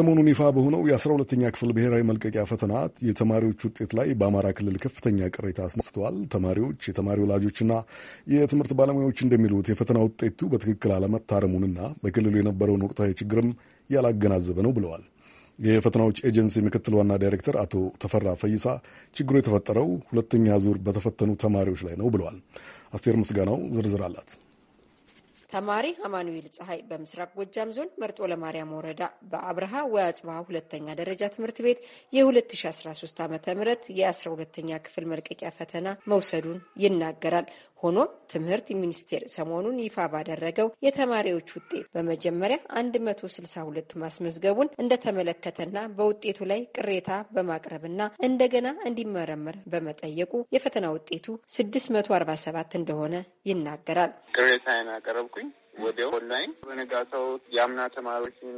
ሰሞኑን ይፋ በሆነው የ12ተኛ ክፍል ብሔራዊ መልቀቂያ ፈተና የተማሪዎች ውጤት ላይ በአማራ ክልል ከፍተኛ ቅሬታ አስነስተዋል። ተማሪዎች፣ የተማሪ ወላጆችና የትምህርት ባለሙያዎች እንደሚሉት የፈተና ውጤቱ በትክክል አለመታረሙንና በክልሉ የነበረውን ወቅታዊ ችግርም ያላገናዘበ ነው ብለዋል። የፈተናዎች ኤጀንሲ ምክትል ዋና ዳይሬክተር አቶ ተፈራ ፈይሳ ችግሩ የተፈጠረው ሁለተኛ ዙር በተፈተኑ ተማሪዎች ላይ ነው ብለዋል። አስቴር ምስጋናው ዝርዝር አላት። ተማሪ አማኑኤል ፀሐይ በምስራቅ ጎጃም ዞን መርጦ ለማርያም ወረዳ በአብርሃ ወአጽብሃ ሁለተኛ ደረጃ ትምህርት ቤት የ2013 ዓ ም የ12ኛ ክፍል መልቀቂያ ፈተና መውሰዱን ይናገራል። ሆኖም ትምህርት ሚኒስቴር ሰሞኑን ይፋ ባደረገው የተማሪዎች ውጤት በመጀመሪያ 162 ማስመዝገቡን እንደተመለከተና በውጤቱ ላይ ቅሬታ በማቅረብና እንደገና እንዲመረመር በመጠየቁ የፈተና ውጤቱ 647 እንደሆነ ይናገራል። ቅሬታ ያቀረብኩ ወዲያው ኦንላይን በነጋታው የአምና ተማሪዎችን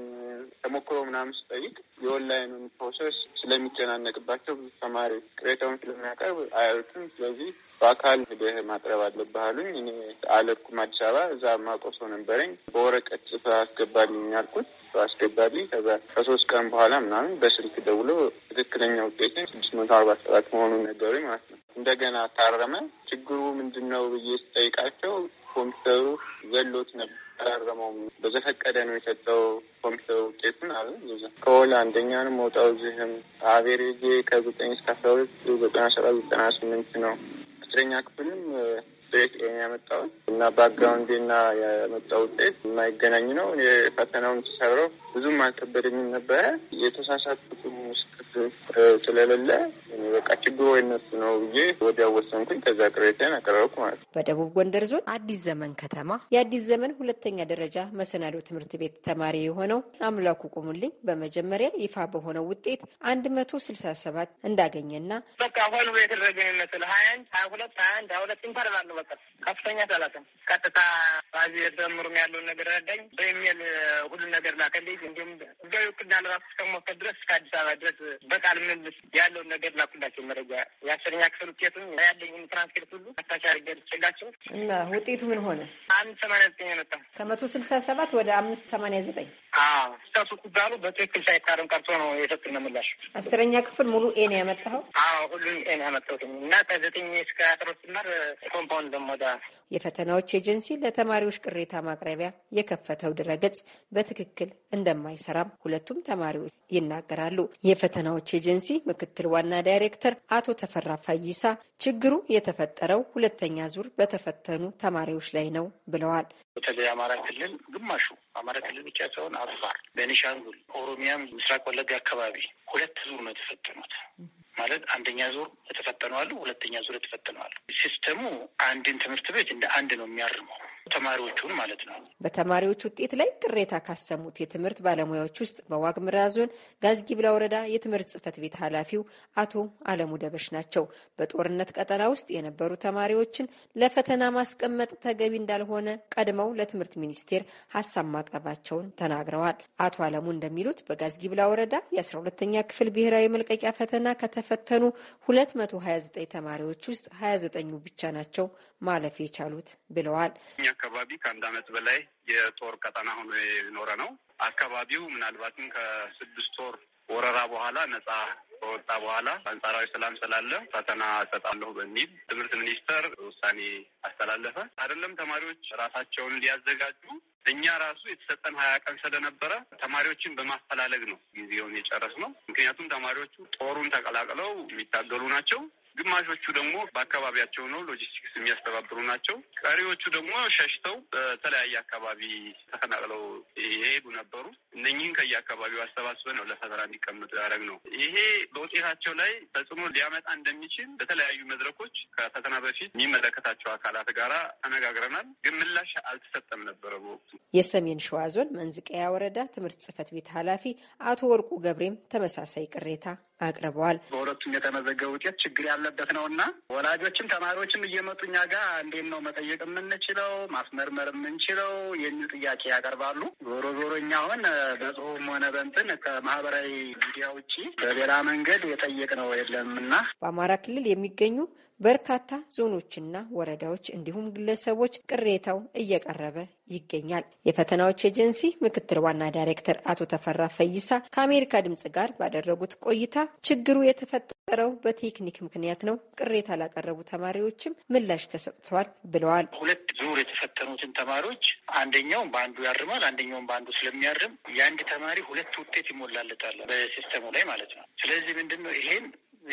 ተሞክሮ ምናምን ስጠይቅ የኦንላይኑን ፕሮሰስ ስለሚጨናነቅባቸው ብዙ ተማሪዎች ቅሬታውን ስለሚያቀርብ አያዩትም። ስለዚህ በአካል ሄደህ ማቅረብ አለብህ አሉኝ። እኔ አለኩም አዲስ አበባ እዛ ማቆሶ ነበረኝ። በወረቀት ጽፈ አስገባልኝ ያልኩት አስገባልኝ። ከዛ ከሶስት ቀን በኋላ ምናምን በስልክ ደውሎ ትክክለኛ ውጤትን ስድስት መቶ አርባ ሰባት መሆኑን ነገሩኝ ማለት ነው። እንደገና ታረመ። ችግሩ ምንድን ነው ብዬ ስጠይቃቸው ኮምፒውተሩ ዘሎት ነበር አላረመውም፣ በዘፈቀደ ነው የሰጠው ኮምፒውተሩ ውጤቱን አለ። ከወል አንደኛንም መውጣው ዝህም አቬሬጅ ከዘጠኝ እስከ አስራ ሁለት ዘጠና ሰባት ዘጠና ስምንት ነው። አስረኛ ክፍልም ውጤት ያመጣው እና ባክግራውንድ እና ያመጣው ውጤት የማይገናኝ ነው። የፈተናውን ተሰብረው ብዙም አልከበደኝም ነበረ የተሳሳቱትም ውስጥ ስለሌለ በቃ ችግሮ የነሱ ነው ብዬ ወዲያ ወሰንኩኝ። ከዛ ቅሬታን አቀረብኩ ማለት ነው። በደቡብ ጎንደር ዞን አዲስ ዘመን ከተማ የአዲስ ዘመን ሁለተኛ ደረጃ መሰናዶ ትምህርት ቤት ተማሪ የሆነው አምላኩ ቁሙልኝ በመጀመሪያ ይፋ በሆነው ውጤት አንድ መቶ ስልሳ ሰባት እንዳገኘና በቃ ሆን ብሎ የተደረገ የሚመስል ሀያ አንድ ሀያ ሁለት ሀያ አንድ ሀያ ሁለት ኢንተር ባለው በቃ ከፍተኛ ሰላሳ ቀጥታ ባዚ ደምሩም ያለውን ነገር ረዳኝ በሚል ሁሉ ነገር ላከልኝ እንዲሁም ጉዳዩ ለራሱ እስከሞከ ድረስ ከአዲስ አበባ ድረስ በቃል ምልስ ያለውን ነገር ላኩ አላቸው መረጃ የአስረኛ ክፍል ውጤቱን ያለኝም ትራንስክሪት ሁሉ አታች አድርጌ ልስላቸው እና ውጤቱ ምን ሆነ? አንድ ሰማንያ ዘጠኝ የመጣ ከመቶ ስልሳ ሰባት ወደ አምስት ሰማንያ ዘጠኝ ስታሱ ኩባሉ በትክክል ሳይታረም ቀርቶ ነው የሰጡን ምላሽ። አስረኛ ክፍል ሙሉ ኤን ነው ያመጣኸው? አዎ ሁሉም ኤን ነው ያመጣሁት እና ከዘጠኝ እስከ አስራ ሁለት ኮምፓውንድ ደግሞ የፈተናዎች ኤጀንሲ ለተማሪዎች ቅሬታ ማቅረቢያ የከፈተው ድረገጽ በትክክል እንደማይሰራም ሁለቱም ተማሪዎች ይናገራሉ። የፈተናዎች ኤጀንሲ ምክትል ዋና ዳይሬክተር ዳይሬክተር አቶ ተፈራ ፈይሳ ችግሩ የተፈጠረው ሁለተኛ ዙር በተፈተኑ ተማሪዎች ላይ ነው ብለዋል። በተለይ አማራ ክልል ግማሹ አማራ ክልል ብቻ ሳይሆን አፋር፣ ቤኒሻንጉል፣ ኦሮሚያም ምስራቅ ወለጋ አካባቢ ሁለት ዙር ነው የተፈተኑት። ማለት አንደኛ ዙር አሉ ሁለተኛ ዙር አሉ። ሲስተሙ አንድን ትምህርት ቤት እንደ አንድ ነው የሚያርመው ተማሪዎቹን ማለት ነው። በተማሪዎች ውጤት ላይ ቅሬታ ካሰሙት የትምህርት ባለሙያዎች ውስጥ በዋግምራ ዞን ጋዝጊብላ ወረዳ የትምህርት ጽህፈት ቤት ኃላፊው አቶ አለሙ ደበሽ ናቸው። በጦርነት ቀጠና ውስጥ የነበሩ ተማሪዎችን ለፈተና ማስቀመጥ ተገቢ እንዳልሆነ ቀድመው ለትምህርት ሚኒስቴር ሀሳብ ማቅረባቸውን ተናግረዋል። አቶ አለሙ እንደሚሉት በጋዝጊብላ ወረዳ የአስራ ሁለተኛ ክፍል ብሔራዊ መልቀቂያ ፈተና ከተፈተኑ 229 ተማሪዎች ውስጥ ሀያ ዘጠኙ ብቻ ናቸው ማለፍ የቻሉት ብለዋል። እኛ አካባቢ ከአንድ ዓመት በላይ የጦር ቀጠና ሆኖ የኖረ ነው። አካባቢው ምናልባትም ከስድስት ወር ወረራ በኋላ ነጻ ከወጣ በኋላ አንጻራዊ ሰላም ስላለ ፈተና እሰጣለሁ በሚል ትምህርት ሚኒስቴር ውሳኔ አስተላለፈ። አይደለም ተማሪዎች ራሳቸውን ሊያዘጋጁ እኛ ራሱ የተሰጠን ሀያ ቀን ስለነበረ ተማሪዎችን በማፈላለግ ነው ጊዜውን የጨረስ ነው። ምክንያቱም ተማሪዎቹ ጦሩን ተቀላቅለው የሚታገሉ ናቸው። ግማሾቹ ደግሞ በአካባቢያቸው ነው ሎጂስቲክስ የሚያስተባብሩ ናቸው። ቀሪዎቹ ደግሞ ሸሽተው በተለያየ አካባቢ ተፈናቅለው የሄዱ ነበሩ። እነኚህን ከየአካባቢው አሰባስበን ነው ለፈተራ እንዲቀመጡ ያደረግ ነው። ይሄ በውጤታቸው ላይ ተጽዕኖ ሊያመጣ እንደሚችል በተለያዩ መድረኮች ከፈተና በፊት የሚመለከታቸው አካላት ጋራ ተነጋግረናል። ግን ምላሽ አልተሰጠም ነበረ በወቅቱ። የሰሜን ሸዋ ዞን መንዝቀያ ወረዳ ትምህርት ጽህፈት ቤት ኃላፊ አቶ ወርቁ ገብሬም ተመሳሳይ ቅሬታ አቅርበዋል። በሁለቱም የተመዘገበ ውጤት ችግር ያለበት ነው እና ወላጆችም ተማሪዎችም እየመጡ እኛ ጋር እንዴት ነው መጠየቅ የምንችለው ማስመርመር የምንችለው የሚል ጥያቄ ያቀርባሉ። ዞሮ ዞሮ እኛ አሁን በጽሁም ሆነ በንትን ከማህበራዊ ሚዲያ ውጭ በሌላ መንገድ የጠየቅ ነው የለም እና በአማራ ክልል የሚገኙ በርካታ ዞኖችና ወረዳዎች እንዲሁም ግለሰቦች ቅሬታው እየቀረበ ይገኛል። የፈተናዎች ኤጀንሲ ምክትል ዋና ዳይሬክተር አቶ ተፈራ ፈይሳ ከአሜሪካ ድምጽ ጋር ባደረጉት ቆይታ ችግሩ የተፈጠረው በቴክኒክ ምክንያት ነው፣ ቅሬታ ላቀረቡ ተማሪዎችም ምላሽ ተሰጥቷል ብለዋል። ሁለት ዙር የተፈተኑትን ተማሪዎች አንደኛውን በአንዱ ያርማል፣ አንደኛውም በአንዱ ስለሚያርም የአንድ ተማሪ ሁለት ውጤት ይሞላለታል በሲስተሙ ላይ ማለት ነው። ስለዚህ ምንድን ነው ይሄን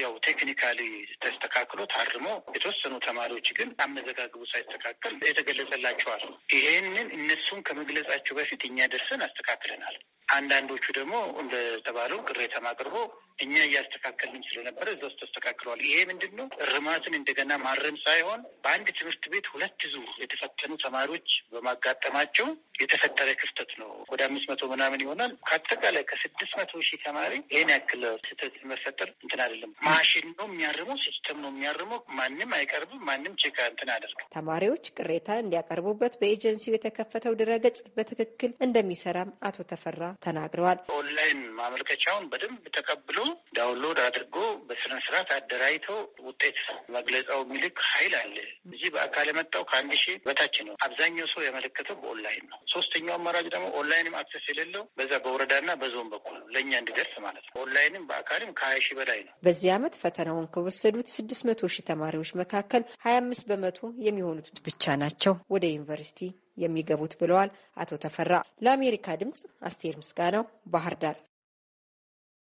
ያው ቴክኒካሊ ተስተካክሎ ታርሞ የተወሰኑ ተማሪዎች ግን አመዘጋግቡ ሳይስተካከል የተገለጸላቸዋል። ይሄንን እነሱን ከመግለጻቸው በፊት እኛ ደርሰን አስተካክለናል። አንዳንዶቹ ደግሞ እንደተባለው ቅሬታ አቅርቦ እኛ እያስተካከልን ስለነበረ እዛ ውስጥ ተስተካክለዋል። ይሄ ምንድን ነው? እርማትን እንደገና ማረም ሳይሆን በአንድ ትምህርት ቤት ሁለት ዙር የተፈተኑ ተማሪዎች በማጋጠማቸው የተፈጠረ ክፍተት ነው። ወደ አምስት መቶ ምናምን ይሆናል። ከአጠቃላይ ከስድስት መቶ ሺህ ተማሪ ይህን ያክል ስህተት መፈጠር እንትን አይደለም። ማሽን ነው የሚያርመው፣ ሲስተም ነው የሚያርመው። ማንም አይቀርብም፣ ማንም ቼክ እንትን አደርግ። ተማሪዎች ቅሬታ እንዲያቀርቡበት በኤጀንሲው የተከፈተው ድረገጽ በትክክል እንደሚሰራም አቶ ተፈራ ተናግረዋል። ኦንላይን ማመልከቻውን በደንብ ተቀብሎ ዳውንሎድ አድርጎ በስነ ስርዓት አደራጅቶ ውጤት መግለጫው ሚልክ ሀይል አለ። እዚህ በአካል የመጣው ከአንድ ሺህ በታች ነው። አብዛኛው ሰው የመለከተው በኦንላይን ነው። ሶስተኛው አማራጭ ደግሞ ኦንላይንም አክሰስ የሌለው በዛ በወረዳና በዞን በኩል ለእኛ እንዲደርስ ማለት ነው። ኦንላይንም በአካልም ከሀያ ሺህ በላይ ነው። በዚህ አመት ፈተናውን ከወሰዱት ስድስት መቶ ሺህ ተማሪዎች መካከል ሀያ አምስት በመቶ የሚሆኑት ብቻ ናቸው ወደ ዩኒቨርሲቲ የሚገቡት ብለዋል አቶ ተፈራ። ለአሜሪካ ድምጽ አስቴር ምስጋናው ባህር ዳር